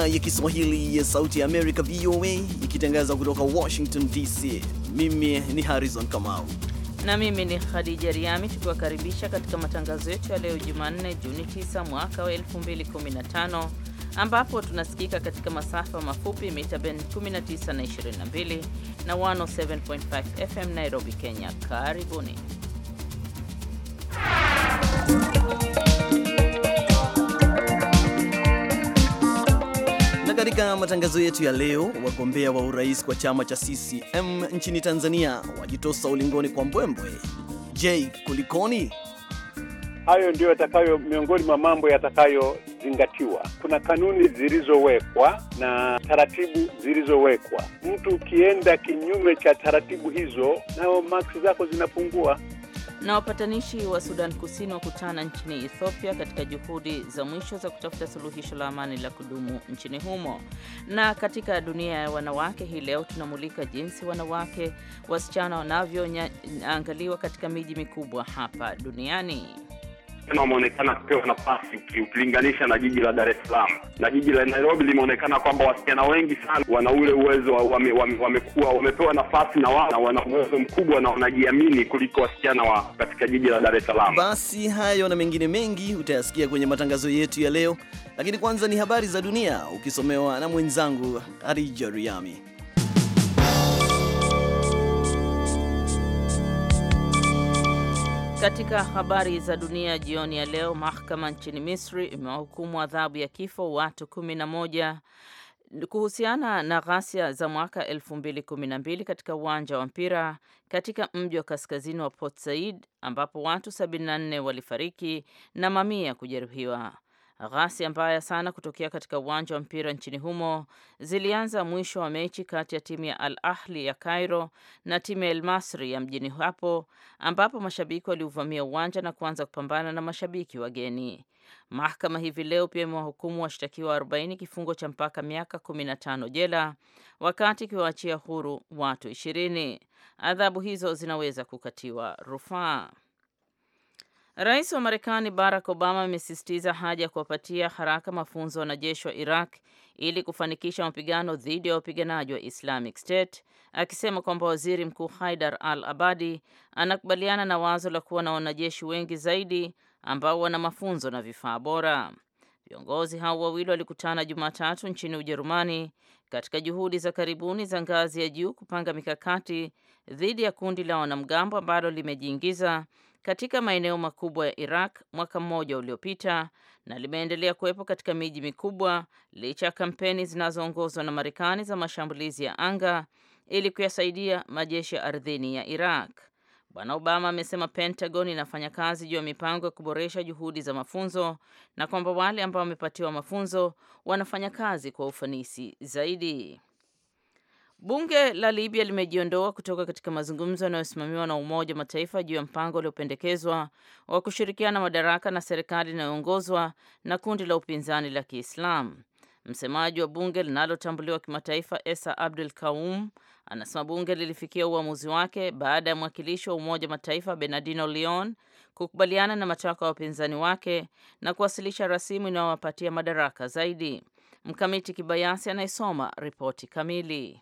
idhaa ya Kiswahili ya Sauti ya Amerika, VOA, ikitangaza kutoka Washington DC. Mimi ni Harrison Kamau na mimi ni Khadija Riami, tukiwakaribisha katika matangazo yetu ya leo Jumanne, Juni 9 mwaka wa 2015 ambapo tunasikika katika masafa mafupi mita bend 19 na 22 na 107.5 FM Nairobi, Kenya. Karibuni. Katika matangazo yetu ya leo, wagombea wa urais kwa chama cha CCM nchini Tanzania wajitosa ulingoni kwa mbwembwe. Je, kulikoni? Hayo ndiyo yatakayo miongoni mwa mambo yatakayozingatiwa. Kuna kanuni zilizowekwa na taratibu zilizowekwa. Mtu ukienda kinyume cha taratibu hizo, nao maksi zako zinapungua. Na wapatanishi wa Sudan Kusini wakutana nchini Ethiopia katika juhudi za mwisho za kutafuta suluhisho la amani la kudumu nchini humo. Na katika dunia ya wanawake hii leo tunamulika jinsi wanawake wasichana wanavyoangaliwa katika miji mikubwa hapa duniani tena wameonekana kupewa nafasi ukilinganisha na jiji la Dar es Salaam na jiji la Nairobi, limeonekana kwamba wasichana wengi sana wana ule uwezo, wamekuwa wame, wame wamepewa nafasi na wana wana uwezo mkubwa na wanajiamini kuliko wasichana wa katika jiji la Dar es Salaam. Basi hayo na mengine mengi utayasikia kwenye matangazo yetu ya leo, lakini kwanza ni habari za dunia ukisomewa na mwenzangu Arija Riami. Katika habari za dunia jioni ya leo, mahakama nchini Misri imewahukumu adhabu ya kifo watu 11 kuhusiana na ghasia za mwaka 212 katika uwanja wa mpira katika mji wa kaskazini wa Port Said ambapo watu 74 walifariki na mamia kujeruhiwa. Ghasia mbaya sana kutokea katika uwanja wa mpira nchini humo zilianza mwisho wa mechi kati ya timu ya Al Ahli ya Cairo na timu ya El Masri ya mjini hapo, ambapo mashabiki waliuvamia uwanja na kuanza kupambana na mashabiki wageni. Mahakama hivi leo pia imewahukumu washtakiwa 40 kifungo cha mpaka miaka 15 jela, wakati ikiwaachia huru watu 20. Adhabu hizo zinaweza kukatiwa rufaa. Rais wa Marekani Barack Obama amesisitiza haja ya kuwapatia haraka mafunzo wanajeshi wa Iraq ili kufanikisha mapigano dhidi ya wapiganaji wa Islamic State, akisema kwamba Waziri Mkuu Haidar al-Abadi anakubaliana na wazo la kuwa na wanajeshi wengi zaidi ambao wana mafunzo na vifaa bora. Viongozi hao wawili walikutana Jumatatu nchini Ujerumani katika juhudi za karibuni za ngazi ya juu kupanga mikakati dhidi ya kundi la wanamgambo ambalo limejiingiza katika maeneo makubwa ya Iraq mwaka mmoja uliopita na limeendelea kuwepo katika miji mikubwa licha ya kampeni zinazoongozwa na Marekani za mashambulizi ya anga ili kuyasaidia majeshi ya ardhini ya Iraq. Bwana Obama amesema Pentagon inafanya kazi juu ya mipango ya kuboresha juhudi za mafunzo na kwamba wale ambao wamepatiwa mafunzo wanafanya kazi kwa ufanisi zaidi. Bunge la Libya limejiondoa kutoka katika mazungumzo yanayosimamiwa na Umoja wa Mataifa juu ya mpango uliopendekezwa wa kushirikiana madaraka na serikali inayoongozwa na kundi la upinzani la Kiislamu. Msemaji wa bunge linalotambuliwa kimataifa Esa Abdul Kaum anasema bunge lilifikia uamuzi wake baada ya mwakilishi wa Umoja wa Mataifa Bernardino Leon kukubaliana na matakwa ya wapinzani wake na kuwasilisha rasimu inayowapatia madaraka zaidi. Mkamiti Kibayasi anayesoma ripoti kamili.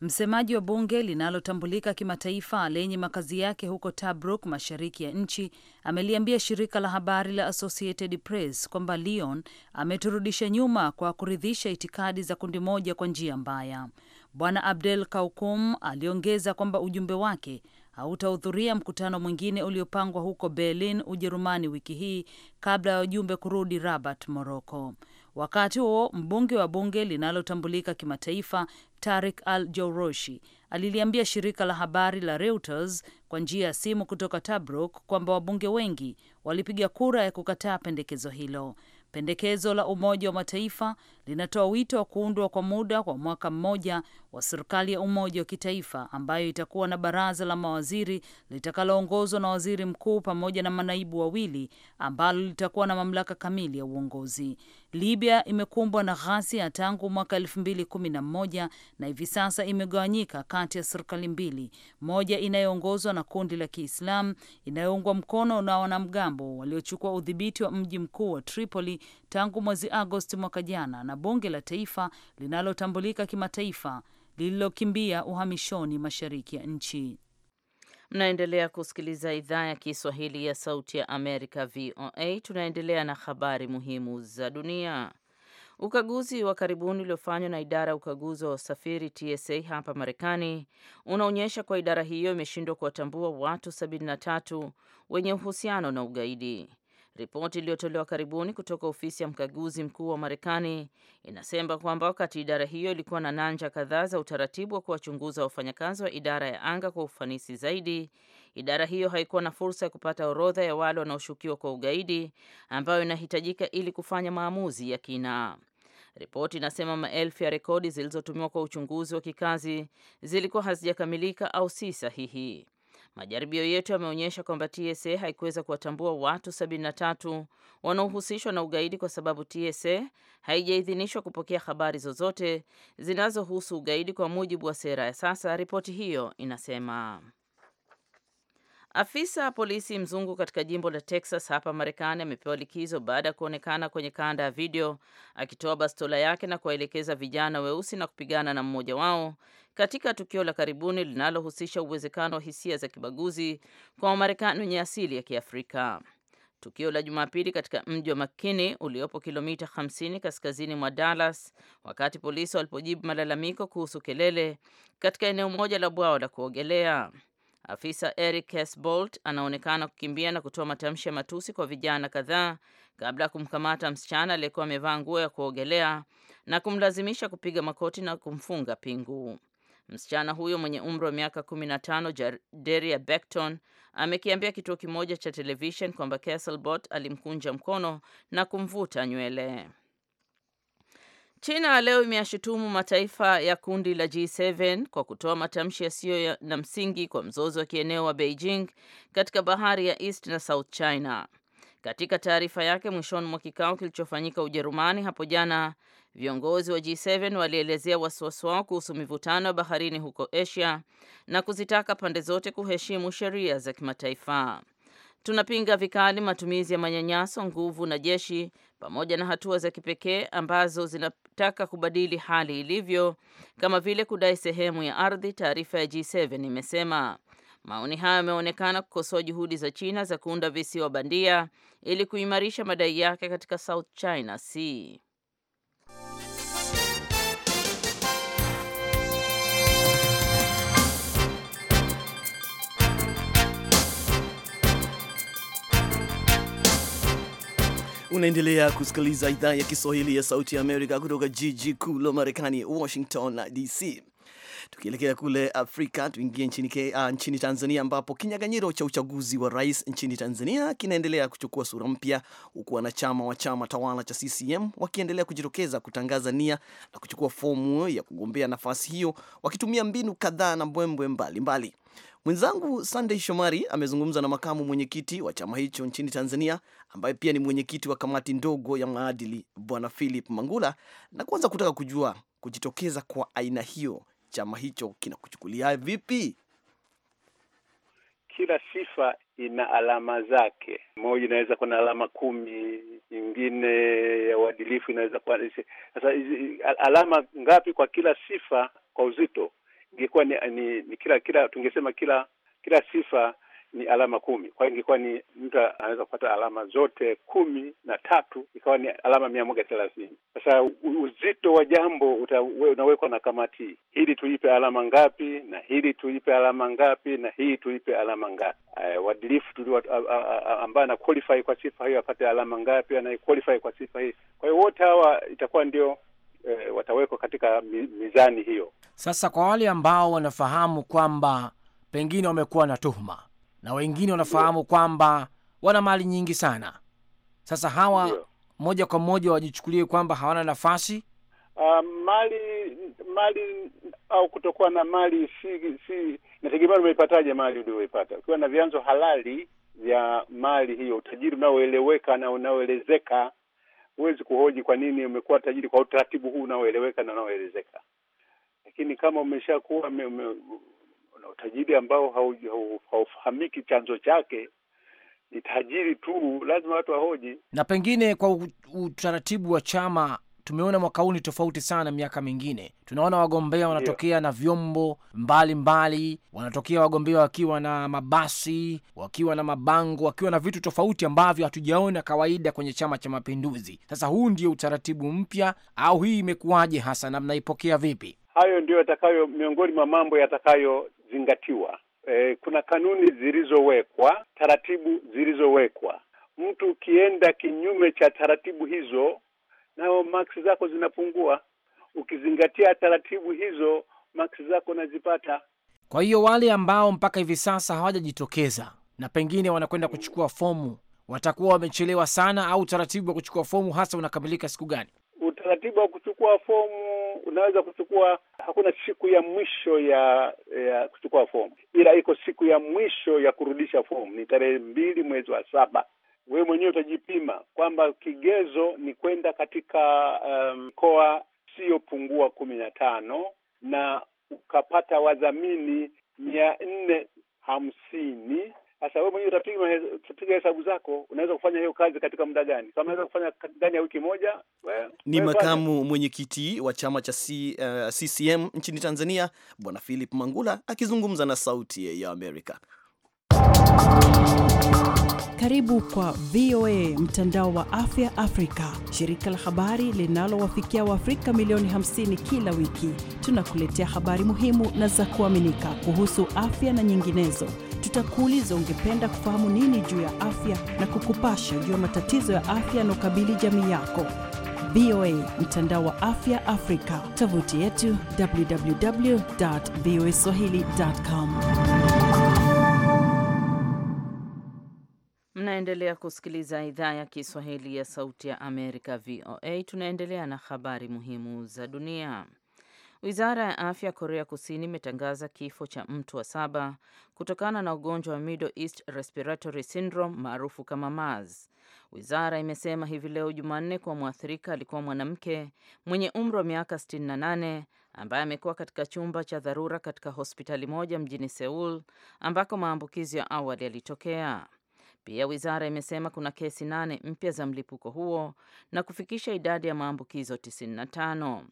Msemaji wa bunge linalotambulika kimataifa lenye makazi yake huko tabruk mashariki ya nchi, ameliambia shirika la habari la Associated Press kwamba Leon ameturudisha nyuma kwa kuridhisha itikadi za kundi moja kwa njia mbaya. Bwana Abdel Kaukum aliongeza kwamba ujumbe wake hautahudhuria mkutano mwingine uliopangwa huko Berlin, Ujerumani wiki hii kabla ya wajumbe kurudi Rabat, Morocco. Wakati huo mbunge wa bunge linalotambulika kimataifa Tarik Al Jouroshi aliliambia shirika la habari la Reuters kwa njia ya simu kutoka Tabruk kwamba wabunge wengi walipiga kura ya kukataa pendekezo hilo. Pendekezo la Umoja wa Mataifa linatoa wito wa kuundwa kwa muda wa mwaka mmoja wa serikali ya umoja wa kitaifa ambayo itakuwa na baraza la mawaziri litakaloongozwa na waziri mkuu pamoja na manaibu wawili ambalo litakuwa na mamlaka kamili ya uongozi. Libya imekumbwa na ghasia tangu mwaka elfu mbili kumi na moja na hivi sasa imegawanyika kati ya serikali mbili, moja inayoongozwa na kundi la Kiislamu inayoungwa mkono na wanamgambo waliochukua udhibiti wa mji mkuu wa Tripoli tangu mwezi Agosti mwaka jana na bunge la taifa linalotambulika kimataifa lililokimbia uhamishoni mashariki ya nchi. Mnaendelea kusikiliza idhaa ya Kiswahili ya Sauti ya Amerika, VOA. Tunaendelea na habari muhimu za dunia. Ukaguzi wa karibuni uliofanywa na idara ya ukaguzi wa usafiri TSA hapa Marekani unaonyesha kuwa idara hiyo imeshindwa kuwatambua watu 73 wenye uhusiano na ugaidi. Ripoti iliyotolewa karibuni kutoka ofisi ya mkaguzi mkuu wa Marekani inasema kwamba wakati idara hiyo ilikuwa na nanja kadhaa za utaratibu wa kuwachunguza wafanyakazi wa idara ya anga kwa ufanisi zaidi, idara hiyo haikuwa na fursa ya kupata orodha ya wale wanaoshukiwa kwa ugaidi ambayo inahitajika ili kufanya maamuzi ya kina. Ripoti inasema maelfu ya rekodi zilizotumiwa kwa uchunguzi wa kikazi zilikuwa hazijakamilika au si sahihi. Majaribio yetu yameonyesha kwamba TSA haikuweza kuwatambua watu 73 wanaohusishwa na ugaidi kwa sababu TSA haijaidhinishwa kupokea habari zozote zinazohusu ugaidi kwa mujibu wa sera ya sasa, ripoti hiyo inasema. Afisa polisi mzungu katika jimbo la Texas hapa Marekani amepewa likizo baada ya kuonekana kwenye kanda ya video akitoa bastola yake na kuwaelekeza vijana weusi na kupigana na mmoja wao katika tukio la karibuni linalohusisha uwezekano wa hisia za kibaguzi kwa Wamarekani wenye asili ya Kiafrika. Tukio la Jumapili katika mji wa McKinney uliopo kilomita 50 kaskazini mwa Dallas, wakati polisi walipojibu malalamiko kuhusu kelele katika eneo moja la bwawa la kuogelea. Afisa Eric Hesbolt anaonekana kukimbia na kutoa matamshi ya matusi kwa vijana kadhaa kabla ya kumkamata msichana aliyekuwa amevaa nguo ya kuogelea na kumlazimisha kupiga makoti na kumfunga pingu. Msichana huyo mwenye umri wa miaka 15, Deria Beckton, amekiambia kituo kimoja cha televishen kwamba Kesselbot alimkunja mkono na kumvuta nywele. China leo imeyashutumu mataifa ya kundi la G7 kwa kutoa matamshi yasiyo na msingi kwa mzozo wa kieneo wa Beijing katika bahari ya East na South China. Katika taarifa yake mwishoni mwa kikao kilichofanyika Ujerumani hapo jana, viongozi wa G7 walielezea wasiwasi wao kuhusu mivutano ya baharini huko Asia na kuzitaka pande zote kuheshimu sheria za kimataifa. Tunapinga vikali matumizi ya manyanyaso, nguvu na jeshi pamoja na hatua za kipekee ambazo zinataka kubadili hali ilivyo, kama vile kudai sehemu ya ardhi, taarifa ya G7 imesema. Maoni hayo yameonekana kukosoa juhudi za China za kuunda visiwa bandia ili kuimarisha madai yake katika South China Sea. Unaendelea kusikiliza idhaa ya Kiswahili ya Sauti ya Amerika kutoka jiji kuu la Marekani, Washington DC. Tukielekea kule Afrika, tuingie nchini, uh, nchini Tanzania ambapo kinyaganyiro cha uchaguzi wa rais nchini Tanzania kinaendelea kuchukua sura mpya, huku wanachama wa chama tawala cha CCM wakiendelea kujitokeza kutangaza nia na kuchukua fomu ya kugombea nafasi hiyo wakitumia mbinu kadhaa na mbwembwe mbalimbali. Mwenzangu Sunday Shomari amezungumza na makamu mwenyekiti wa chama hicho nchini Tanzania ambaye pia ni mwenyekiti wa kamati ndogo ya maadili, Bwana Philip Mangula, na kwanza kutaka kujua kujitokeza kwa aina hiyo chama hicho kinakuchukulia vipi? Kila sifa ina alama zake. Moja inaweza kuwa na alama kumi, nyingine ya uadilifu inaweza kuwa. Sasa alama ngapi kwa kila sifa kwa uzito? Ingekuwa ni, ni, ni kila kila tungesema kila kila sifa ni alama kumi. Kwa hiyo ingekuwa ni mtu anaweza kupata alama zote kumi na tatu ikawa ni alama mia moja thelathini. Sasa uzito wa jambo unawekwa na kamati, hili tuipe alama ngapi na hili tuipe alama ngapi na hii tuipe alama ngapi. Uh, wadilifu ambaye ana qualify kwa sifa hiyo apate alama ngapi, anaye qualify kwa sifa hii. Kwa hiyo wote hawa itakuwa ndio E, watawekwa katika mizani hiyo. Sasa kwa wale ambao wanafahamu kwamba pengine wamekuwa na tuhuma na wengine wanafahamu kwamba wana mali nyingi sana. Sasa hawa yeah. moja kwa moja wajichukulie kwamba hawana nafasi uh, mali mali au kutokuwa na mali si si nategemea umeipataje mali ulioipata. Ukiwa na vyanzo halali vya mali hiyo, utajiri unaoeleweka na unaoelezeka, huwezi kuhoji kwa nini umekuwa tajiri kwa utaratibu huu unaoeleweka na unaoelezeka. Lakini kama umeshakuwa na utajiri ambao haufahamiki chanzo chake ni tajiri tu, lazima watu wahoji. Na pengine kwa utaratibu wa chama tumeona mwaka huu ni tofauti sana miaka mingine. Tunaona wagombea wanatokea yeah, na vyombo mbalimbali mbali. Wanatokea wagombea wakiwa na mabasi, wakiwa na mabango, wakiwa na vitu tofauti ambavyo hatujaona kawaida kwenye Chama cha Mapinduzi. Sasa huu ndio utaratibu mpya au hii imekuwaje hasa na mnaipokea vipi? Hayo ndio yatakayo, miongoni mwa mambo yatakayo zingatiwa. E, kuna kanuni zilizowekwa, taratibu zilizowekwa. Mtu ukienda kinyume cha taratibu hizo, nao maksi zako zinapungua. Ukizingatia taratibu hizo, maksi zako unazipata. Kwa hiyo wale ambao mpaka hivi sasa hawajajitokeza na pengine wanakwenda kuchukua fomu watakuwa wamechelewa sana, au taratibu wa kuchukua fomu hasa unakamilika siku gani? utaratibu wa kuchukua fomu unaweza kuchukua, hakuna siku ya mwisho ya, ya kuchukua fomu, ila iko siku ya mwisho ya kurudisha fomu, ni tarehe mbili mwezi wa saba. Wewe mwenyewe utajipima kwamba kigezo ni kwenda katika um, mkoa um, siyopungua kumi na tano na ukapata wadhamini mia nne hamsini sasa wewe mwenyewe utapiga utapiga hesabu zako, unaweza kufanya hiyo kazi katika muda gani? Kama unaweza kufanya ndani ya wiki moja. We, ni we makamu mwenyekiti wa chama cha C, uh, eh, CCM nchini Tanzania Bwana Philip Mangula akizungumza na Sauti ya Amerika. Karibu kwa VOA mtandao wa afya Afrika, shirika la habari linalowafikia Waafrika milioni 50 kila wiki. Tunakuletea habari muhimu na za kuaminika kuhusu afya na nyinginezo tutakuuliza ungependa kufahamu nini juu ya afya na kukupasha juu ya matatizo ya afya yanaokabili jamii yako. VOA mtandao wa afya Afrika, tovuti yetu www.voaswahili.com. Mnaendelea kusikiliza idhaa ya Kiswahili ya Sauti ya Amerika, VOA. Tunaendelea na habari muhimu za dunia. Wizara ya afya ya Korea Kusini imetangaza kifo cha mtu wa saba kutokana na ugonjwa wa Middle East Respiratory Syndrome maarufu kama MERS. Wizara imesema hivi leo Jumanne kuwa mwathirika alikuwa mwanamke mwenye umri wa miaka 68 ambaye amekuwa katika chumba cha dharura katika hospitali moja mjini Seoul ambako maambukizi ya awali yalitokea. Pia wizara imesema kuna kesi nane mpya za mlipuko huo na kufikisha idadi ya maambukizo 95.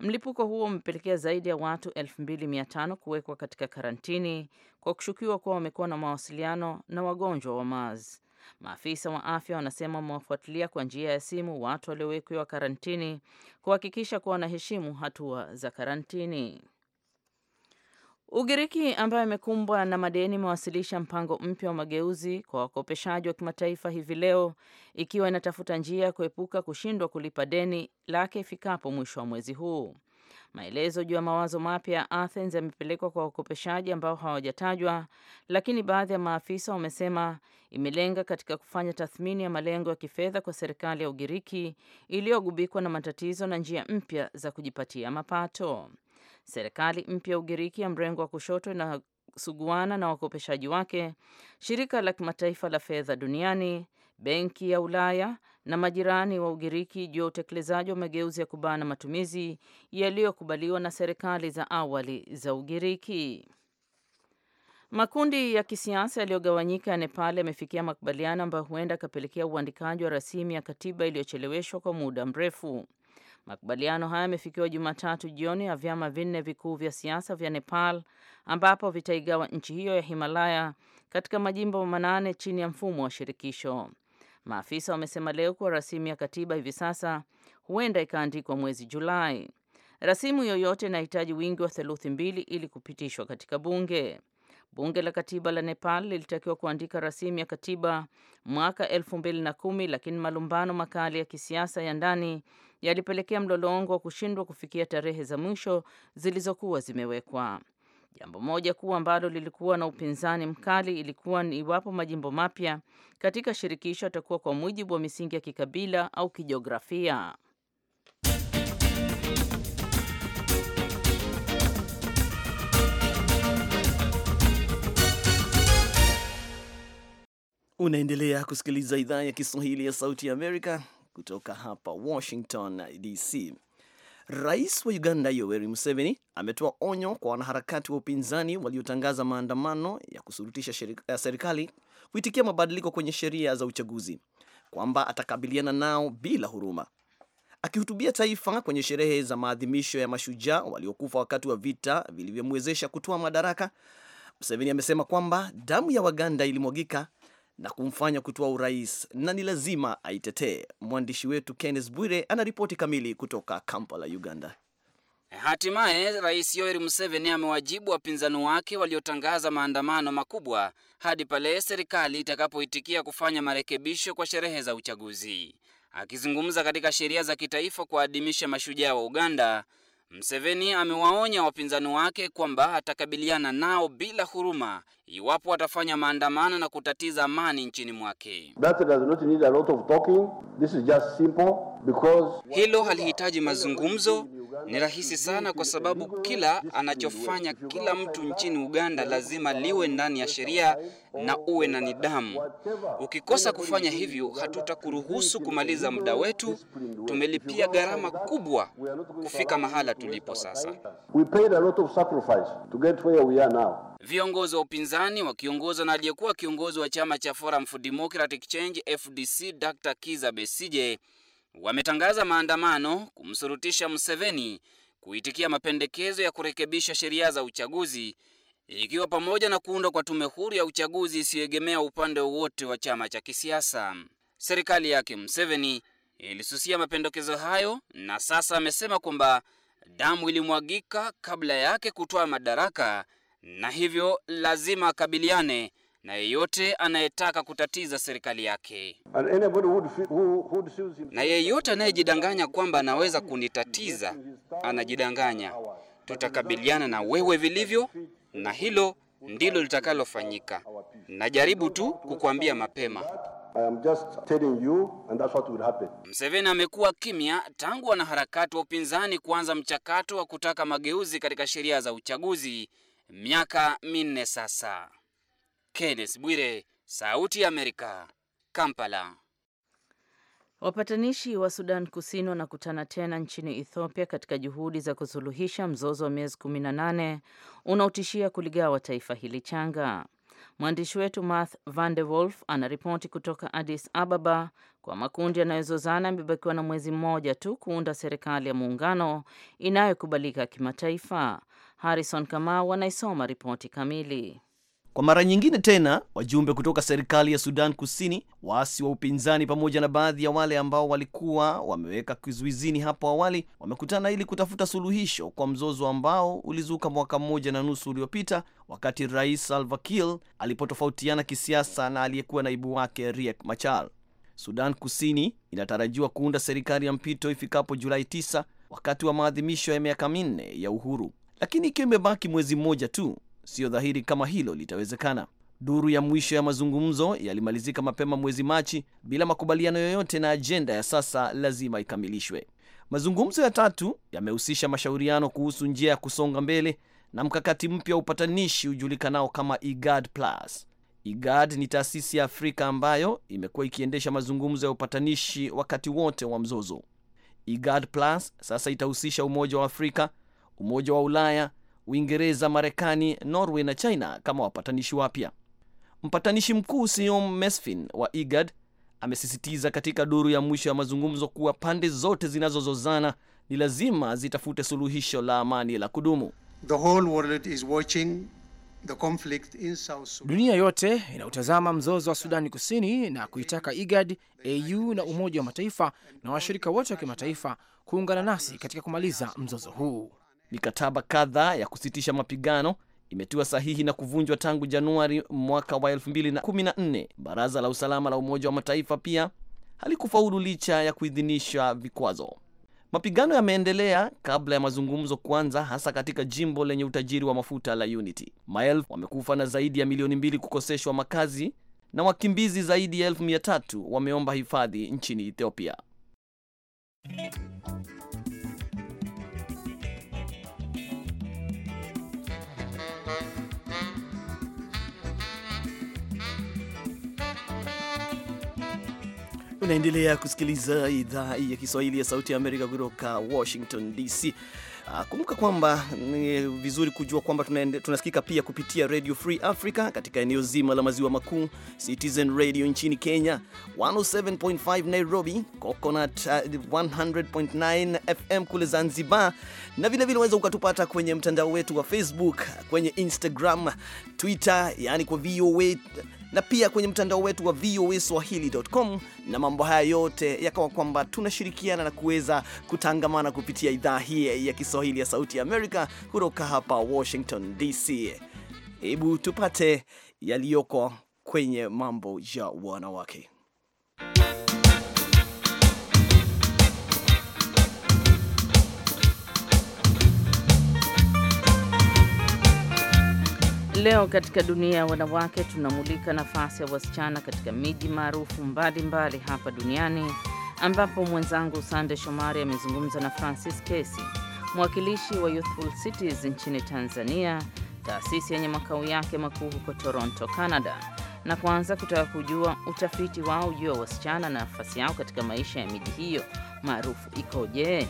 Mlipuko huo umepelekea zaidi ya watu 2500 kuwekwa katika karantini kwa kushukiwa kuwa wamekuwa na mawasiliano na wagonjwa wa maz. Maafisa wa afya wanasema wamewafuatilia kwa njia ya simu watu waliowekewa karantini kuhakikisha kuwa wanaheshimu hatua za karantini. Ugiriki ambayo imekumbwa na madeni imewasilisha mpango mpya wa mageuzi kwa wakopeshaji wa kimataifa hivi leo, ikiwa inatafuta njia ya kuepuka kushindwa kulipa deni lake ifikapo mwisho wa mwezi huu. Maelezo juu ya mawazo mapya ya Athens yamepelekwa kwa wakopeshaji ambao hawajatajwa, lakini baadhi ya maafisa wamesema imelenga katika kufanya tathmini ya malengo ya kifedha kwa serikali ya Ugiriki iliyogubikwa na matatizo na njia mpya za kujipatia mapato. Serikali mpya Ugiriki ya mrengo wa kushoto inasuguana na wakopeshaji wake, shirika la kimataifa la fedha duniani, benki ya Ulaya na majirani wa Ugiriki juu ya utekelezaji wa mageuzi ya kubana matumizi yaliyokubaliwa na serikali za awali za Ugiriki. Makundi ya kisiasa yaliyogawanyika ya Nepal yamefikia makubaliano ambayo huenda akapelekea uandikaji wa rasimu ya katiba iliyocheleweshwa kwa muda mrefu. Makubaliano haya yamefikiwa Jumatatu jioni ya vyama vinne vikuu vya siasa vya Nepal ambapo vitaigawa nchi hiyo ya Himalaya katika majimbo manane chini ya mfumo wa shirikisho. Maafisa wamesema leo kuwa rasimu ya katiba hivi sasa huenda ikaandikwa mwezi Julai. Rasimu yoyote inahitaji wingi wa theluthi mbili ili kupitishwa katika bunge. Bunge la katiba la Nepal lilitakiwa kuandika rasimu ya katiba mwaka elfu mbili na kumi, lakini malumbano makali ya kisiasa ya ndani yalipelekea mlolongo wa kushindwa kufikia tarehe za mwisho zilizokuwa zimewekwa. Jambo moja kuu ambalo lilikuwa na upinzani mkali ilikuwa ni iwapo majimbo mapya katika shirikisho yatakuwa kwa mujibu wa misingi ya kikabila au kijiografia. Unaendelea kusikiliza idhaa ya Kiswahili ya Sauti ya Amerika kutoka hapa Washington DC. Rais wa Uganda Yoweri Museveni ametoa onyo kwa wanaharakati wa upinzani waliotangaza maandamano ya kusurutisha serikali kuitikia mabadiliko kwenye sheria za uchaguzi kwamba atakabiliana nao bila huruma. Akihutubia taifa kwenye sherehe za maadhimisho ya mashujaa waliokufa wakati wa vita vilivyomwezesha kutoa madaraka, Museveni amesema kwamba damu ya Waganda ilimwagika na kumfanya kutoa urais na ni lazima aitetee. Mwandishi wetu Kenneth Bwire anaripoti kamili kutoka Kampala, Uganda. Hatimaye Rais Yoweri Museveni amewajibu wapinzani wake waliotangaza maandamano makubwa hadi pale serikali itakapoitikia kufanya marekebisho kwa sherehe za uchaguzi. Akizungumza katika sheria za kitaifa kuadhimisha mashujaa wa Uganda, Mseveni amewaonya wapinzani wake kwamba atakabiliana nao bila huruma iwapo watafanya maandamano na kutatiza amani nchini mwake. Hilo halihitaji mazungumzo ni rahisi sana, kwa sababu kila anachofanya kila mtu nchini Uganda lazima liwe ndani ya sheria na uwe na nidhamu. Ukikosa kufanya hivyo, hatutakuruhusu kumaliza muda wetu. Tumelipia gharama kubwa kufika mahala tulipo sasa. Viongozi wa upinzani wakiongozwa na aliyekuwa kiongozi wa chama cha Forum for Democratic Change FDC Dr. Kiza Besije wametangaza maandamano kumsurutisha Museveni kuitikia mapendekezo ya kurekebisha sheria za uchaguzi ikiwa pamoja na kuundwa kwa tume huru ya uchaguzi isiyoegemea upande wowote wa chama cha kisiasa. Serikali yake Museveni ilisusia mapendekezo hayo na sasa amesema kwamba damu ilimwagika kabla yake kutoa madaraka na hivyo lazima akabiliane na yeyote anayetaka kutatiza serikali yake who, who na yeyote anayejidanganya kwamba anaweza kunitatiza anajidanganya. Tutakabiliana na wewe vilivyo, na hilo ndilo litakalofanyika. Najaribu tu kukuambia mapema. Mseveni amekuwa kimya tangu wanaharakati wa upinzani kuanza mchakato wa kutaka mageuzi katika sheria za uchaguzi miaka minne sasa. Kenneth Bwire, Sauti ya Amerika, Kampala. Wapatanishi wa Sudan Kusini wanakutana tena nchini Ethiopia katika juhudi za kusuluhisha mzozo wa miezi 18 unaotishia kuligawa taifa hili changa. Mwandishi wetu Math Van de Wolf anaripoti kutoka Addis Ababa. Kwa makundi yanayozozana yamebakiwa na mwezi mmoja tu kuunda serikali ya muungano inayokubalika kimataifa. Harrison Kamau anaisoma ripoti kamili. Kwa mara nyingine tena, wajumbe kutoka serikali ya Sudan Kusini, waasi wa upinzani, pamoja na baadhi ya wale ambao walikuwa wameweka kizuizini hapo awali wamekutana ili kutafuta suluhisho kwa mzozo ambao ulizuka mwaka mmoja na nusu uliopita wakati Rais Salva Kiir alipotofautiana kisiasa na aliyekuwa naibu wake Riek Machar. Sudan Kusini inatarajiwa kuunda serikali ya mpito ifikapo Julai 9 wakati wa maadhimisho ya miaka minne ya uhuru, lakini ikiwa imebaki mwezi mmoja tu sio dhahiri kama hilo litawezekana. Duru ya mwisho ya mazungumzo yalimalizika mapema mwezi Machi bila makubaliano yoyote, na ajenda ya sasa lazima ikamilishwe. Mazungumzo ya tatu yamehusisha mashauriano kuhusu njia ya kusonga mbele na mkakati mpya wa upatanishi ujulikanao kama IGAD Plus. IGAD ni taasisi ya Afrika ambayo imekuwa ikiendesha mazungumzo ya upatanishi wakati wote wa mzozo. IGAD Plus sasa itahusisha Umoja wa Afrika, Umoja wa Ulaya Uingereza, Marekani, Norway na China kama wapatanishi wapya. Mpatanishi mkuu Siom Mesfin wa IGAD amesisitiza katika duru ya mwisho ya mazungumzo kuwa pande zote zinazozozana ni lazima zitafute suluhisho la amani la kudumu. The whole world is watching the conflict in South Sudan. Dunia yote inautazama mzozo wa Sudani Kusini na kuitaka IGAD, AU na Umoja wa Mataifa na washirika wote wa kimataifa kuungana nasi katika kumaliza mzozo huu. Mikataba kadhaa ya kusitisha mapigano imetiwa sahihi na kuvunjwa tangu Januari mwaka wa 2014. Baraza la usalama la Umoja wa Mataifa pia halikufaulu licha ya kuidhinisha vikwazo. Mapigano yameendelea kabla ya mazungumzo kuanza, hasa katika jimbo lenye utajiri wa mafuta la Unity. Maelfu wamekufa na zaidi ya milioni mbili kukoseshwa makazi na wakimbizi zaidi ya elfu mia tatu wameomba hifadhi nchini Ethiopia. Unaendelea kusikiliza idhaa ya Kiswahili ya Sauti ya Amerika kutoka Washington DC. Ah, kumbuka kwamba ni vizuri kujua kwamba tunasikika pia kupitia Radio Free Africa katika eneo zima la maziwa makuu, Citizen Radio nchini Kenya 107.5 Nairobi, Coconut 100.9 uh, FM kule Zanzibar, na vilevile unaweza ukatupata kwenye mtandao wetu wa Facebook, kwenye Instagram, Twitter, yani kwa VOA na pia kwenye mtandao wetu wa swahilicom na mambo haya yote yakawa kwamba tunashirikiana na kuweza kutangamana kupitia idhaa hii ya Kiswahili ya Sauti ya Amerika kutoka hapa Washington DC. Hebu tupate yaliyoko kwenye mambo ya wanawake. Leo katika dunia ya wanawake tunamulika nafasi ya wasichana katika miji maarufu mbalimbali hapa duniani, ambapo mwenzangu Sande Shomari amezungumza na Francis Kesi, mwakilishi wa Youthful Cities nchini Tanzania, taasisi yenye makao yake makuu huko Toronto, Canada, na kuanza kutaka kujua utafiti wao juu ya wasichana na nafasi yao katika maisha ya miji hiyo maarufu ikoje.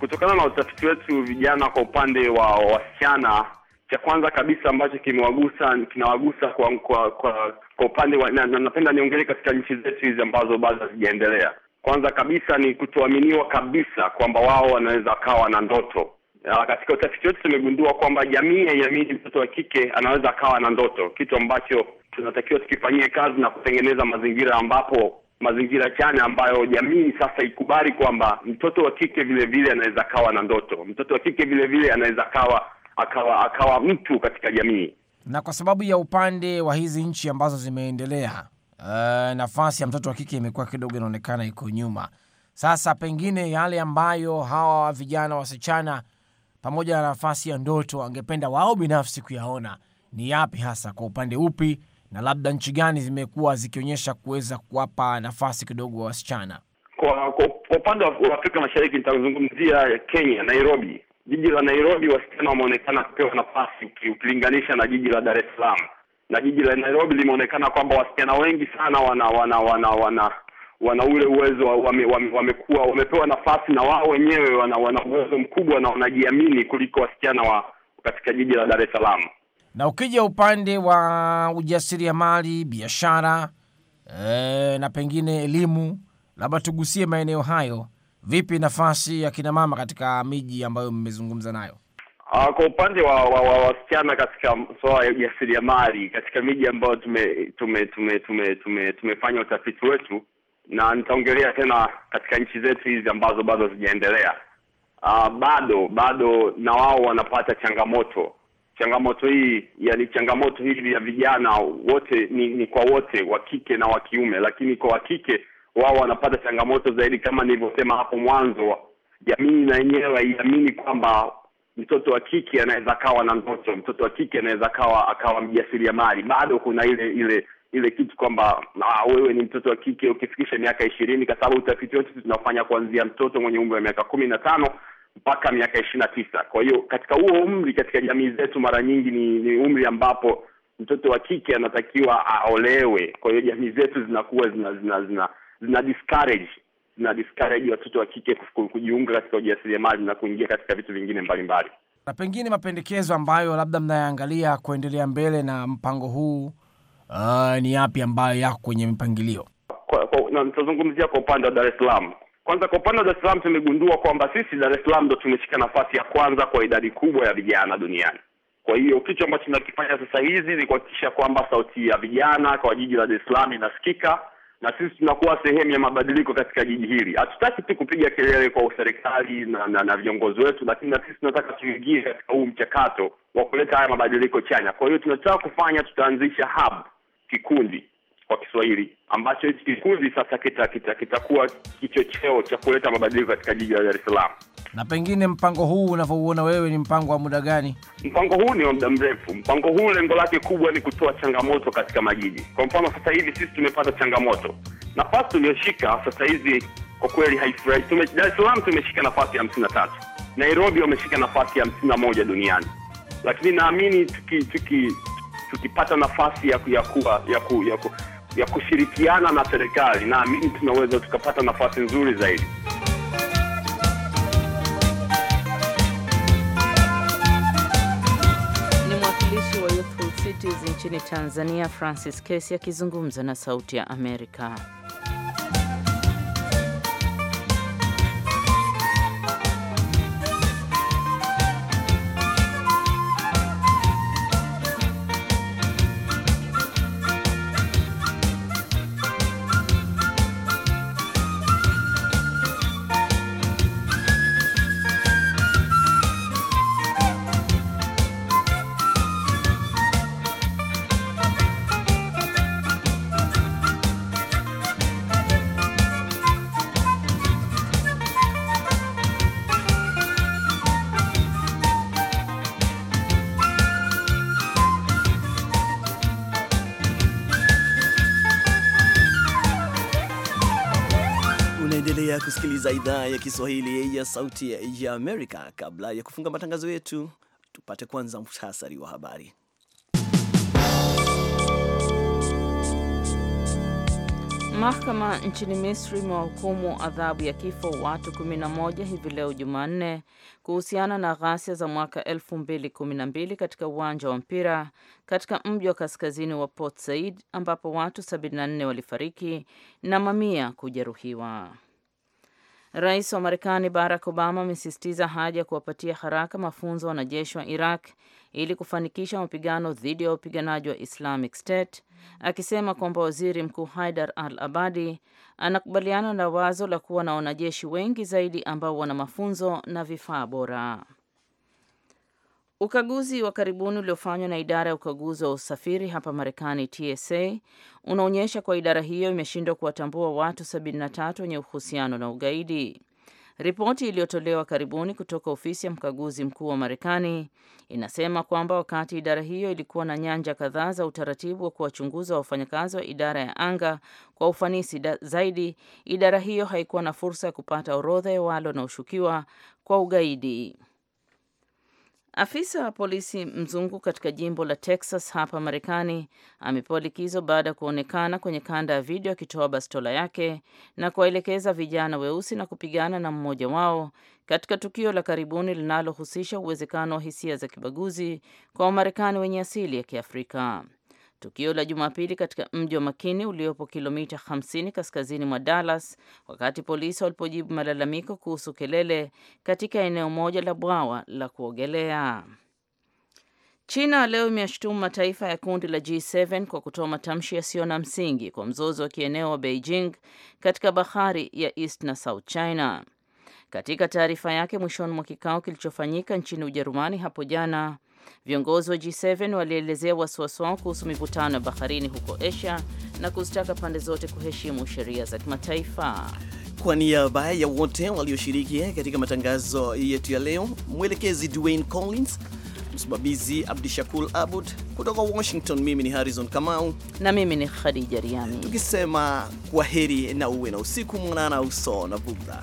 Kutokana na utafiti wetu vijana, kwa upande wa wasichana cha kwanza kabisa ambacho kimewagusa kinawagusa kwa kwa kwa, kwa upande wa na, na, napenda niongelee katika nchi zetu hizi ambazo bado hazijaendelea. Kwanza kabisa ni kutoaminiwa kabisa kwamba wao wanaweza akawa na ndoto. Ah, katika utafiti wetu tumegundua kwamba jamii haiamini mtoto wa kike anaweza akawa na ndoto, kitu ambacho tunatakiwa tukifanyie kazi na kutengeneza mazingira ambapo mazingira chana ambayo jamii sasa ikubali kwamba mtoto wa kike vile vile anaweza kawa na ndoto, mtoto wa kike vile vile anaweza akawa akawa akawa mtu katika jamii. Na kwa sababu ya upande wa hizi nchi ambazo zimeendelea, uh, nafasi ya mtoto wa kike imekuwa kidogo inaonekana iko nyuma. Sasa pengine yale ambayo hawa vijana wasichana, pamoja na nafasi ya ndoto, wangependa wao binafsi kuyaona ni yapi hasa, kwa upande upi, na labda nchi gani zimekuwa zikionyesha kuweza kuwapa nafasi kidogo wa wasichana? Kwa upande wa Afrika Mashariki nitazungumzia Kenya, Nairobi jiji la Nairobi wasichana wameonekana kupewa nafasi ukilinganisha na jiji la Dar es Salaam, na jiji la Nairobi limeonekana kwamba wasichana wengi sana wana wana wana wana wana ule uwezo wame, wame, wamepewa nafasi na wao wenyewe wana, wana uwezo mkubwa na wanajiamini kuliko wasichana wa katika jiji la Dar es Salaam. Na ukija upande wa ujasiriamali, biashara e, na pengine elimu, labda tugusie maeneo hayo vipi nafasi ya kina mama katika miji ambayo mmezungumza nayo? Uh, kwa upande wa wasichana wa, wa katika masuala ya ujasiriamali katika miji ambayo tume tume tume tume tume tumefanya utafiti wetu, na nitaongelea tena katika nchi zetu hizi ambazo bado zijaendelea Uh, ah, bado bado na wao wanapata changamoto. Changamoto hii yani, changamoto hili ya vijana wote ni, ni kwa wote wa kike na wa kiume, lakini kwa wa kike wao wanapata changamoto zaidi, kama nilivyosema hapo mwanzo, jamii na yenyewe haiamini kwamba mtoto wa kike anaweza akawa na ndoto, mtoto wa kike anaweza akawa akawa mjasiriamali. Bado kuna ile ile ile kitu kwamba ah, wewe ni mtoto wa kike ukifikisha miaka ishirini, kwa sababu utafiti wote tunafanya kuanzia mtoto mwenye umri wa miaka kumi na tano mpaka miaka ishirini na tisa. Kwa hiyo katika huo umri, katika jamii zetu mara nyingi ni, ni umri ambapo mtoto wa kike anatakiwa aolewe. Kwa hiyo jamii zetu zinakuwa zina, zina, zina zina discourage zina discourage watoto wa kike kujiunga katika ujasiriamali na kuingia katika vitu vingine mbalimbali. Na pengine mapendekezo ambayo labda mnayaangalia kuendelea mbele na mpango huu uh, ni yapi ambayo yako kwenye mipangilio? Nitazungumzia kwa upande wa Dar es Salaam. Kwanza kwa upande wa Dar es Salaam tumegundua kwamba sisi Dar es Salaam ndo tumeshika nafasi ya kwanza kwa idadi kubwa ya vijana duniani. Kwa hiyo kitu ambacho tunakifanya sasa hizi ni kuhakikisha kwamba sauti ya vijana kwa jiji la Dar es Salaam inasikika na sisi tunakuwa sehemu ya mabadiliko katika jiji hili. Hatutaki tu kupiga kelele kwa serikali na, na, na viongozi wetu, lakini na sisi tunataka tuingie katika huu mchakato wa kuleta haya mabadiliko chanya. Kwa hiyo tunataka kufanya, tutaanzisha hub kikundi kwa Kiswahili ambacho hichi kikundi sasa kitakuwa kita, kita kichocheo cha kuleta mabadiliko katika jiji la Dar es Salaam. Na pengine mpango huu unavyouona wewe ni mpango wa muda gani? Mpango huu ni wa muda mrefu. Mpango huu lengo lake kubwa ni kutoa changamoto katika majiji. Kwa mfano, sasa hivi sisi tumepata changamoto, nafasi tuliyoshika sasa hizi kwa kweli haifurahi. Dar Salaam tumeshika nafasi hamsini na tatu, Nairobi wameshika nafasi hamsini na moja duniani, lakini naamini tuki, tuki tukipata nafasi ya, ya, kuwa, ya, ku, ya, ku, ya kushirikiana na serikali, naamini tunaweza tukapata nafasi nzuri zaidi. nchini Tanzania, Francis Kesi akizungumza na Sauti ya Amerika. idhaa ya Kiswahili ya Sauti ya Amerika. Kabla ya kufunga matangazo yetu, tupate kwanza muhtasari wa habari. Mahakama nchini Misri imewahukumu adhabu ya kifo watu 11 hivi leo Jumanne kuhusiana na ghasia za mwaka 2012 katika uwanja wa mpira katika mji wa kaskazini wa Port Said ambapo watu 74 walifariki na mamia kujeruhiwa. Rais wa Marekani Barack Obama amesisitiza haja ya kuwapatia haraka mafunzo wanajeshi wa Iraq ili kufanikisha mapigano dhidi ya wapiganaji wa Islamic State, akisema kwamba Waziri Mkuu Haidar al-Abadi anakubaliana na wazo la kuwa na wanajeshi wengi zaidi ambao wana mafunzo na vifaa bora. Ukaguzi wa karibuni uliofanywa na idara ya ukaguzi wa usafiri hapa Marekani, TSA, unaonyesha kuwa idara hiyo imeshindwa kuwatambua watu 73 wenye uhusiano na ugaidi. Ripoti iliyotolewa karibuni kutoka ofisi ya mkaguzi mkuu wa Marekani inasema kwamba wakati idara hiyo ilikuwa na nyanja kadhaa za utaratibu wa kuwachunguza wafanyakazi wa idara ya anga kwa ufanisi zaidi, idara hiyo haikuwa na fursa ya kupata orodha ya wale wanaoshukiwa kwa ugaidi. Afisa wa polisi mzungu katika jimbo la Texas hapa Marekani amepewa likizo baada ya kuonekana kwenye kanda ya video akitoa bastola yake na kuwaelekeza vijana weusi na kupigana na mmoja wao katika tukio la karibuni linalohusisha uwezekano wa hisia za kibaguzi kwa Wamarekani wenye asili ya Kiafrika. Tukio la Jumapili katika mji wa Makini uliopo kilomita 50 kaskazini mwa Dallas, wakati polisi walipojibu malalamiko kuhusu kelele katika eneo moja la bwawa la kuogelea. China leo imeyashutumu mataifa ya kundi la G7 kwa kutoa matamshi yasiyo na msingi kwa mzozo wa kieneo wa Beijing katika bahari ya East na South China. Katika taarifa yake mwishoni mwa kikao kilichofanyika nchini Ujerumani hapo jana, viongozi wa G7 walielezea wasiwasi wao kuhusu mivutano ya baharini huko Asia na kuzitaka pande zote kuheshimu sheria za kimataifa. Kwa niaba ya wote walioshiriki katika matangazo yetu ya leo, mwelekezi Dwayne Collins, msimamizi Abdishakur Abud kutoka Washington, mimi ni Harrison Kamau na mimi ni Khadija Riami, tukisema kwa heri na uwe na usiku mwanana, uso na bugdha.